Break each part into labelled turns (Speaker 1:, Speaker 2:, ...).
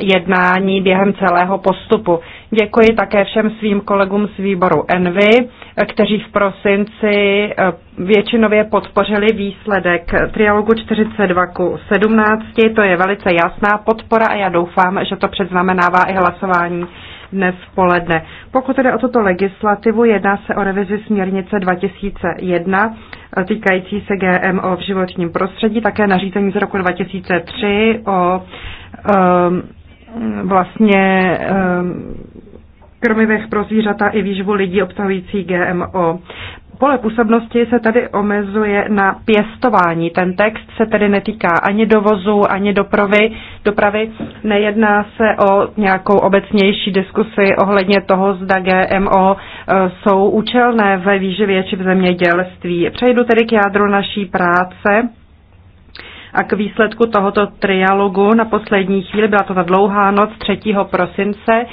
Speaker 1: jednání během celého postupu. Děkuji také všem svým kolegům z výboru Envy, kteří v prosinci eh, většinově podpořili výsledek trialogu 42 k 17. To je velice jasná podpora a já doufám, že to předznamenává i hlasování dnes v poledne. Pokud tedy o tuto legislativu, jedná se o revizi směrnice 2001 eh, týkající se GMO v životním prostředí, také nařízení z roku 2003 o um, vlastně ehm, krmivech pro zvířata i výživu lidí obsahující GMO. Pole působnosti se tady omezuje na pěstování. Ten text se tedy netýká ani dovozu, ani dopravy. dopravy. Nejedná se o nějakou obecnější diskusi ohledně toho, zda GMO e, jsou účelné ve výživě či v zemědělství. Přejdu tedy k jádru naší práce a k výsledku tohoto trialogu na poslední chvíli, byla to ta dlouhá noc 3. prosince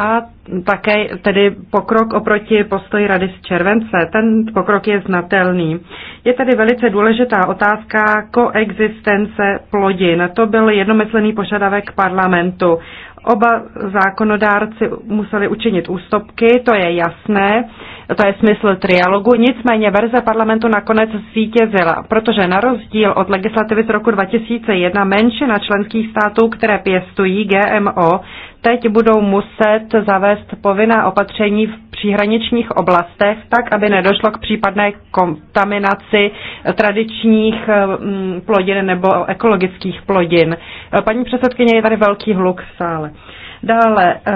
Speaker 1: a také tedy pokrok oproti postoji Rady z července. Ten pokrok je znatelný. Je tady velice důležitá otázka koexistence plodin. To byl jednomyslený požadavek parlamentu. Oba zákonodárci museli učinit ústupky, to je jasné to je smysl trialogu, nicméně verze parlamentu nakonec zvítězila, protože na rozdíl od legislativy z roku 2001 menšina členských států, které pěstují GMO, teď budou muset zavést povinná opatření v příhraničních oblastech, tak aby nedošlo k případné kontaminaci tradičních eh, mm, plodin nebo ekologických plodin. Eh, paní předsedkyně, je tady velký hluk v sále. Dále, eh,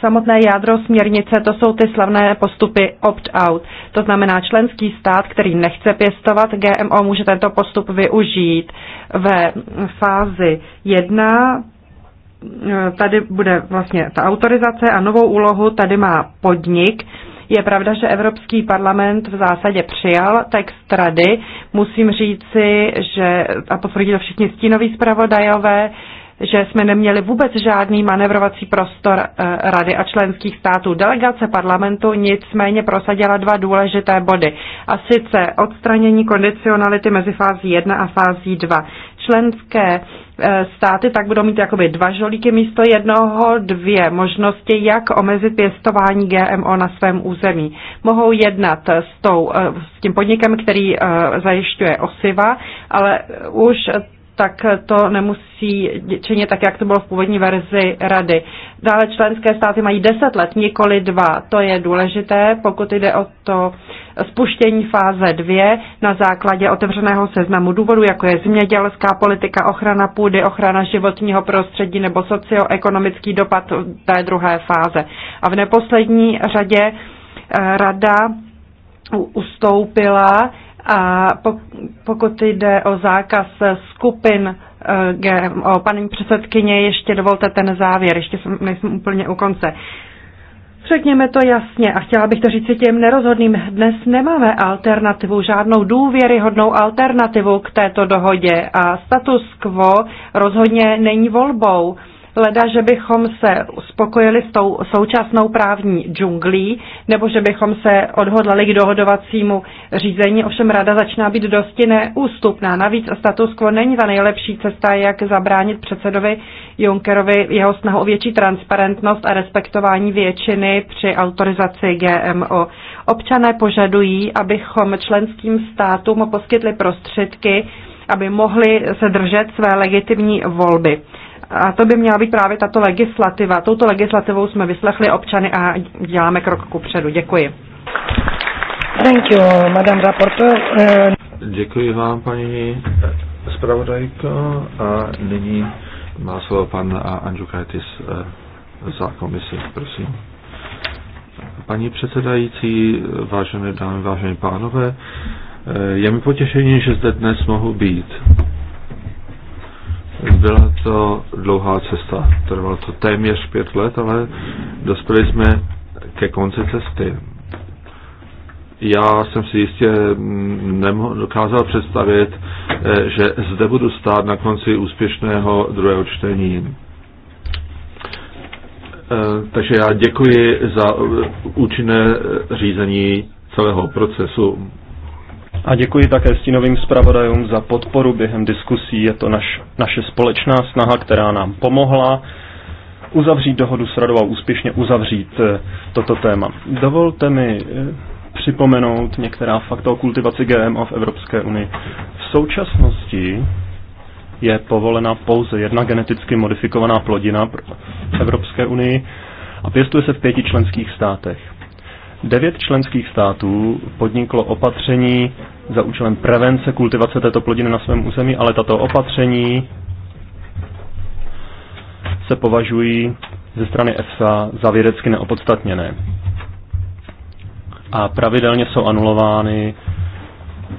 Speaker 1: samotné jádro směrnice, to jsou ty slavné postupy opt-out. To znamená, členský stát, který nechce pěstovat GMO, může tento postup využít ve fázi 1 tady bude vlastně ta autorizace a novou úlohu tady má podnik. Je pravda, že Evropský parlament v zásadě přijal text rady. Musím říci, že, a potvrdí to všichni stínoví zpravodajové, že jsme neměli vůbec žádný manevrovací prostor eh, Rady a členských států. Delegace parlamentu nicméně prosadila dva důležité body, a sice odstranění kondicionality mezi fází 1 a fází 2 členské e, státy tak budou mít jakoby dva žolíky místo jednoho, dvě možnosti, jak omezit pěstování GMO na svém území. Mohou jednat s, tou, e, s tím podnikem, který e, zajišťuje osiva, ale už tak to nemusí činit tak, jak to bylo v původní verzi rady. Dále členské státy mají 10 let, nikoli dva. To je důležité, pokud jde o to spuštění fáze 2 na základě otevřeného seznamu důvodů, jako je zemědělská politika, ochrana půdy, ochrana životního prostředí nebo socioekonomický dopad té druhé fáze. A v neposlední řadě eh, rada ustoupila a pokud jde o zákaz skupin eh, GMO, paní předsedkyně, ještě dovolte ten závěr, ještě jsem, nejsem úplně u konce. Řekněme to jasně a chtěla bych to říct si těm nerozhodným. Dnes nemáme alternativu, žádnou důvěryhodnou alternativu k této dohodě a status quo rozhodně není volbou leda, že bychom se uspokojili s tou současnou právní džunglí, nebo že bychom se odhodlali k dohodovacímu řízení. Ovšem rada začíná být dosti neústupná. Navíc status quo není ta nejlepší cesta, jak zabránit předsedovi Junckerovi jeho snahu o větší transparentnost a respektování většiny při autorizaci GMO. Občané požadují, abychom členským státům poskytli prostředky, aby mohli se držet své legitimní volby. A to by měla být právě tato legislativa. Touto legislativou jsme vyslechli občany a děláme krok ku předu. Děkuji.
Speaker 2: Thank you, madam rapporteur. Eh,
Speaker 3: Děkuji vám, paní zpravodajko. A nyní má slovo pan Andrukaitis eh, za komisi, prosím. Paní předsedající, vážené dámy, vážení pánové, eh, je mi potěšení, že zde dnes mohu být. Byla to dlouhá cesta. Trvalo to téměř pět let, ale dospěli jsme ke konci cesty. Já jsem si jistě dokázal představit, eh, že zde budu stát na konci úspěšného druhého čtení eh, takže já děkuji za účinné řízení celého procesu. A děkuji také stínovým zpravodajům za podporu během diskusí. Je to naš, naše společná snaha, která nám pomohla uzavřít dohodu s radou a úspěšně uzavřít eh, toto téma. Dovolte mi eh, připomenout některá fakta o kultivaci GMO v Evropské unii. V současnosti je povolena pouze jedna geneticky modifikovaná plodina v Evropské unii a pěstuje se v pěti členských státech. Devět členských států podniklo opatření za účelem prevence kultivace této plodiny na svém území, ale tato opatření se považují ze strany EFSA za vědecky neopodstatněné. A pravidelně jsou anulovány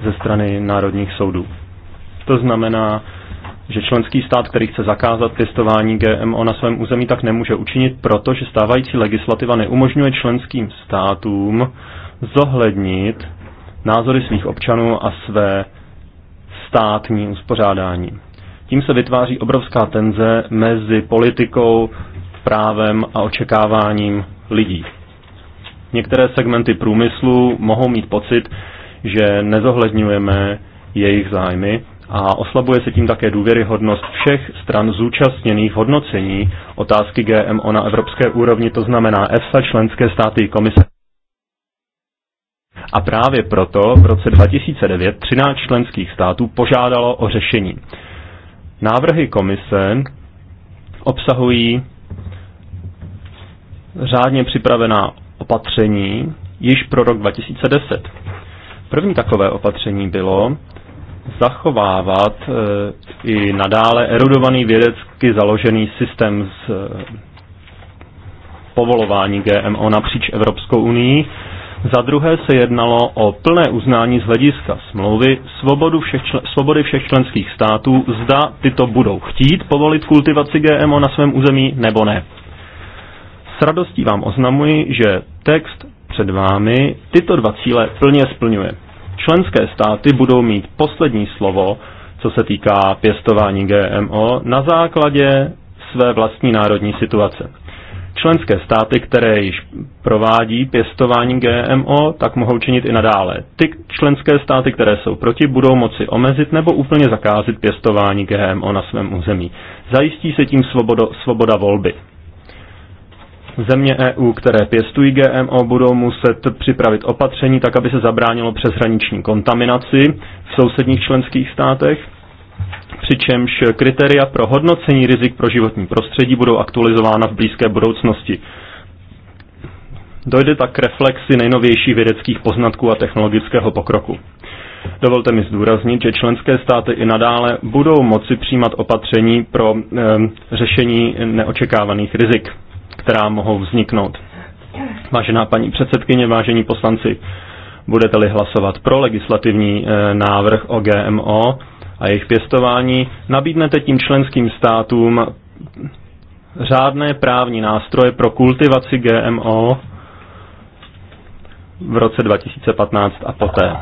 Speaker 3: ze strany národních soudů. To znamená, že členský stát, který chce zakázat pěstování GMO na svém území, tak nemůže učinit, protože stávající legislativa neumožňuje členským státům zohlednit názory svých občanů a své státní uspořádání. Tím se vytváří obrovská tenze mezi politikou, právem a očekáváním lidí. Některé segmenty průmyslu mohou mít pocit, že nezohledňujeme jejich zájmy a oslabuje se tím také důvěryhodnost všech stran zúčastněných hodnocení otázky GMO na evropské úrovni, to znamená EFSA, členské státy i komise. A právě proto v roce 2009 13 členských států požádalo o řešení. Návrhy komise obsahují řádně připravená opatření již pro rok 2010. První takové opatření bylo zachovávat eh, i nadále erudovaný vědecky založený systém z eh, povolování GMO napříč Evropskou unii. Za druhé se jednalo o plné uznání z hlediska smlouvy svobodu všech člen, svobody všech členských států, zda tyto budou chtít povolit kultivaci GMO na svém území nebo ne. S radostí vám oznamuji, že text před vámi tyto dva cíle plně splňuje členské státy budou mít poslední slovo, co se týká pěstování GMO, na základě své vlastní národní situace. Členské státy, které již provádí pěstování GMO, tak mohou činit i nadále. Ty členské státy, které jsou proti, budou moci omezit nebo úplně zakázat pěstování GMO na svém území. Zajistí se tím svoboda, svoboda volby. Země EU, které pěstují GMO, budou muset připravit opatření tak, aby se zabránilo přeshraniční kontaminaci v sousedních členských státech, přičemž kritéria pro hodnocení rizik pro životní prostředí budou aktualizována v blízké budoucnosti. Dojde tak k reflexi nejnovějších vědeckých poznatků a technologického pokroku. Dovolte mi zdůraznit, že členské státy i nadále budou moci přijímat opatření pro e, řešení neočekávaných rizik která mohou vzniknout. Vážená paní předsedkyně, vážení poslanci, budete-li hlasovat pro legislativní eh, návrh o GMO a jejich pěstování, nabídnete tím členským státům řádné právní nástroje pro kultivaci GMO v roce 2015 a poté.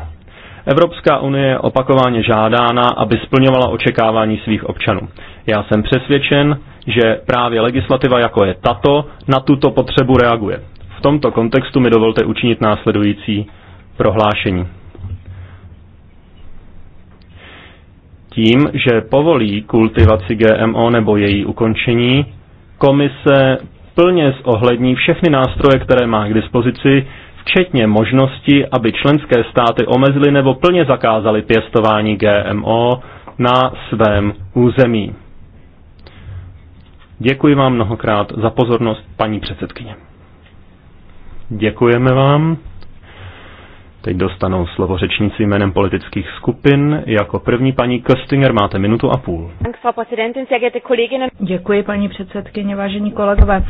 Speaker 3: Evropská unie je opakovaně žádána, aby splňovala očekávání svých občanů. Já jsem přesvědčen, že právě legislativa jako je tato na tuto potřebu reaguje. V tomto kontextu mi dovolte učinit následující prohlášení. Tím, že povolí kultivaci GMO nebo její ukončení, komise plně zohlední všechny nástroje, které má k dispozici, včetně možnosti, aby členské státy omezily nebo plně zakázaly pěstování GMO na svém území. Děkuji vám mnohokrát za pozornost, paní předsedkyně. Děkujeme vám. Teď dostanou slovo řečníci jménem politických skupin. Jako první paní Köstinger máte minutu a půl.
Speaker 2: Děkuji paní předsedkyně, vážení kolegové.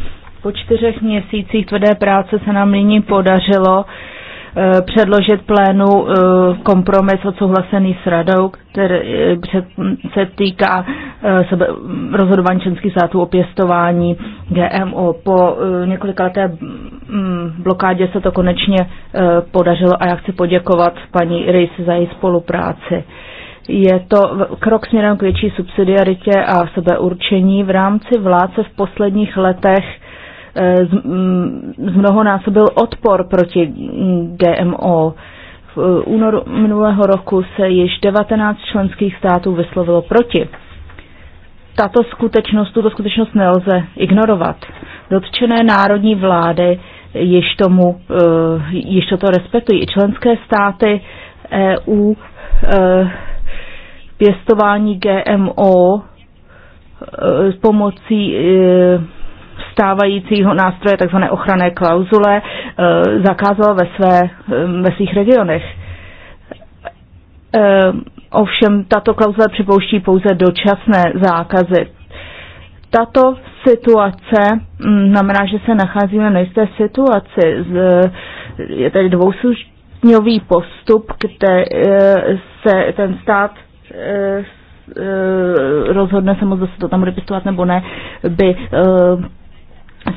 Speaker 2: Po čtyřech měsících tvrdé práce se nám nyní podařilo eh, předložit plénu eh, kompromis odsouhlasený s radou, který eh, se týká rozhodování členských států o pěstování GMO. Po několika leté mm, blokádě se to konečně podařilo a já chci poděkovat paní Rys za její spolupráci. Je to krok směrem k větší subsidiaritě a sebeurčení. V rámci vládce v posledních letech Eh, zmnohonásobil mm, odpor proti mm, GMO. V eh, únoru minulého roku se již 19 členských států vyslovilo proti. Tato skutečnost, tuto skutečnost nelze ignorovat. Dotčené národní vlády již, tomu, eh, již toto respektují. I členské státy EU pěstování GMO s pomocí stávajícího nástroje tzv. ochranné klauzule eh, zakázal ve, své, eh, ve svých regionech. Eh, ovšem tato klauzule připouští pouze dočasné zákazy. Tato situace hm, znamená, že se nacházíme v nejisté situaci. Je tady dvousužňový postup, kde se ten stát rozhodne se moc, zase to tam bude pistovat nebo ne, by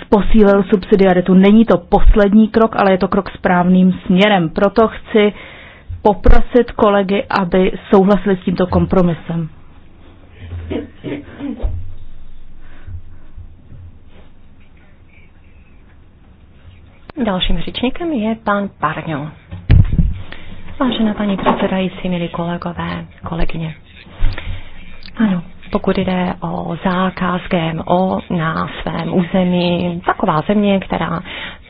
Speaker 2: posílil subsidiaritu. Není to poslední krok, ale je to krok správným směrem. Proto chci poprosit kolegy, aby souhlasili s tímto kompromisem.
Speaker 4: Dalším řečníkem je pan Parňo. Vážená paní předsedající, milí kolegové, kolegyně. Ano, pokud jde o zákaz GMO na svém území. Taková země, která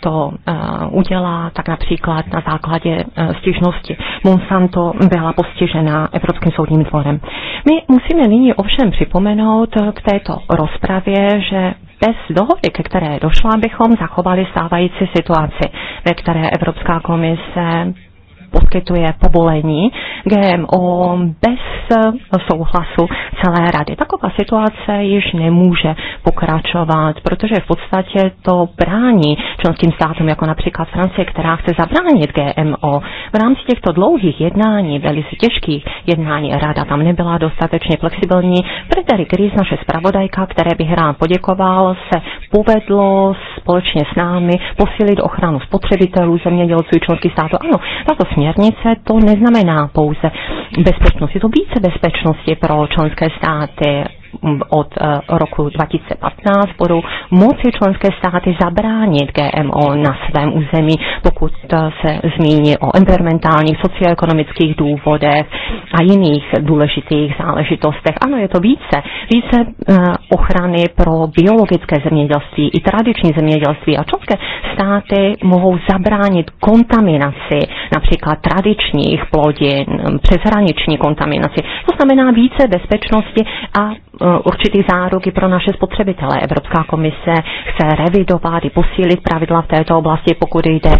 Speaker 4: to eh, udělá, tak například na základě eh, stížnosti Monsanto byla postižena Evropským soudním dvorem. My musíme nyní ovšem připomenout eh, k této rozpravě, že bez dohody, ke které došla, bychom zachovali stávající situaci, ve které Evropská komise poskytuje povolení GMO bez souhlasu celé rady. Taková situace již nemůže pokračovat, protože v podstatě to brání členským státům, jako například Francie, která chce zabránit GMO. V rámci těchto dlouhých jednání, velice těžkých jednání, rada tam nebyla dostatečně flexibilní. Frederik Ries, naše zpravodajka, které bych rád poděkoval, se povedlo společně s námi posílit ochranu spotřebitelů, zemědělců i členských států. Ano, tato směrnice, to neznamená pouze bezpečnost, je to více bezpečnosti pro členské státy od eh, roku 2015 budou moci členské státy zabránit GMO na svém území, pokud eh, se zmíní o environmentálních, socioekonomických důvodech a jiných důležitých záležitostech. Ano, je to více. Více eh, ochrany pro biologické zemědělství i tradiční zemědělství a členské státy mohou zabránit kontaminaci například tradičních plodin, přeshraniční kontaminaci. To znamená více bezpečnosti a Eh, určitý záruky pro naše spotřebitele. Evropská komise chce revidovat i posílit pravidla v této oblasti, pokud jde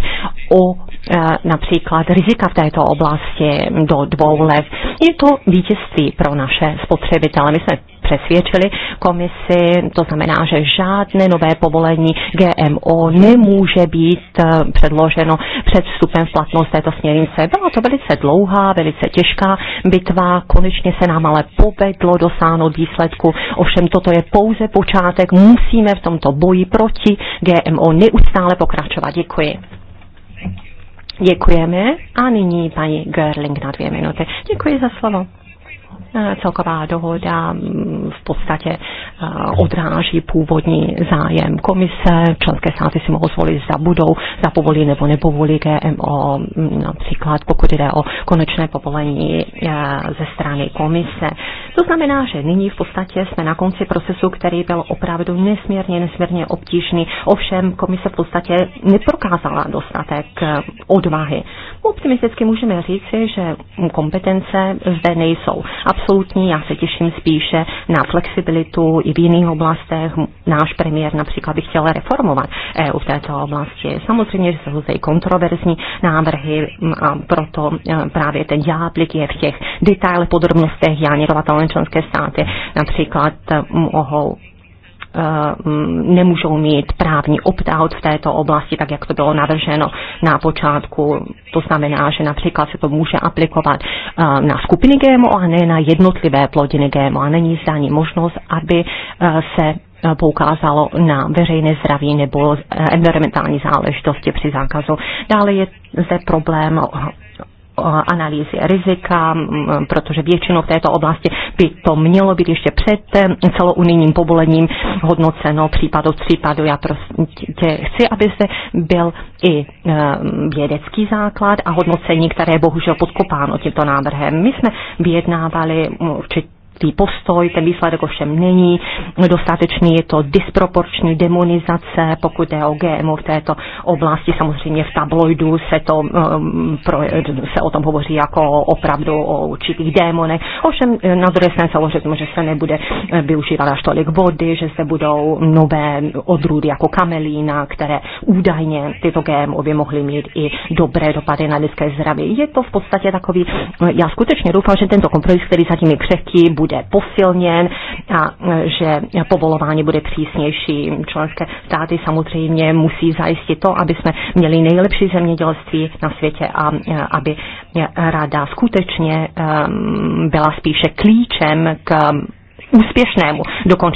Speaker 4: o eh, například rizika v této oblasti do dvou lev. Je to vítězství pro naše spotřebitele. My jsme přesvědčili komisi, to znamená, že žádné nové povolení GMO nemůže být eh, předloženo před vstupem v platnost této směrnice. Byla to velice dlouhá, velice těžká bitva, konečně se nám ale povedlo dosáhnout výsledku. Ovšem toto je pouze počátek, musíme v tomto boji proti GMO neustále pokračovat. Děkuji. Děkujeme. A nyní paní Görling na dvě minuty. Děkuji za slovo celková dohoda mm, v podstatě eh, odráží původní zájem komise. Členské státy si mohou zvolit, zda budou, zda povolí nebo nepovolí GMO. Mm, Například pokud jde o konečné povolení eh, ze strany komise. To znamená, že nyní v podstatě jsme na konci procesu, který byl opravdu nesmírně, nesmírně obtížný. Ovšem komise v podstatě neprokázala dostatek eh, odvahy. Optimisticky můžeme říci, že kompetence zde nejsou. A absolutní, já se těším spíše na flexibilitu i v jiných oblastech. Náš premiér například by chtěl reformovat EU v této oblasti. Samozřejmě, že se hledají kontroverzní návrhy, mm, a proto e, právě ten jáblik je v těch detailech, podrobnostech, já nerovatelné členské státy například mm, mohou Eh, mm, nemůžou mít právní opt-out v této oblasti, tak jak to bylo navrženo na počátku. To znamená, že například se to může aplikovat eh, na skupiny GMO a ne na jednotlivé plodiny GMO. A není zde ani možnost, aby eh, se poukázalo na veřejné zdraví nebo environmentální záležitosti při zákazu. Dále je zde problém analýzy rizika, protože většinou v této oblasti by to mělo být ještě před celounijním povolením hodnoceno případ případu. Já prostě chci, aby se byl i e, vědecký základ a hodnocení, které je bohužel podkopáno tímto návrhem. My jsme vyjednávali určitě určitý postoj, ten výsledek ovšem není dostatečný, je to disproporční demonizace, pokud je o GMO v této oblasti, samozřejmě v tabloidu se, to, um, pro, se o tom hovoří jako opravdu o určitých démonech, ovšem na druhé straně samozřejmě, že se nebude využívat až tolik vody, že se budou nové odrůdy jako kamelína, které údajně tyto GMO by mohly mít i dobré dopady na lidské zdraví. Je to v podstatě takový, já skutečně doufám, že tento kompromis, který zatím je křehký, bude bude posilněn a e, že povolování bude přísnější. Členské státy samozřejmě musí zajistit to, aby jsme měli nejlepší zemědělství na světě a e, aby e, rada skutečně byla spíše klíčem k úspěšnému dokončení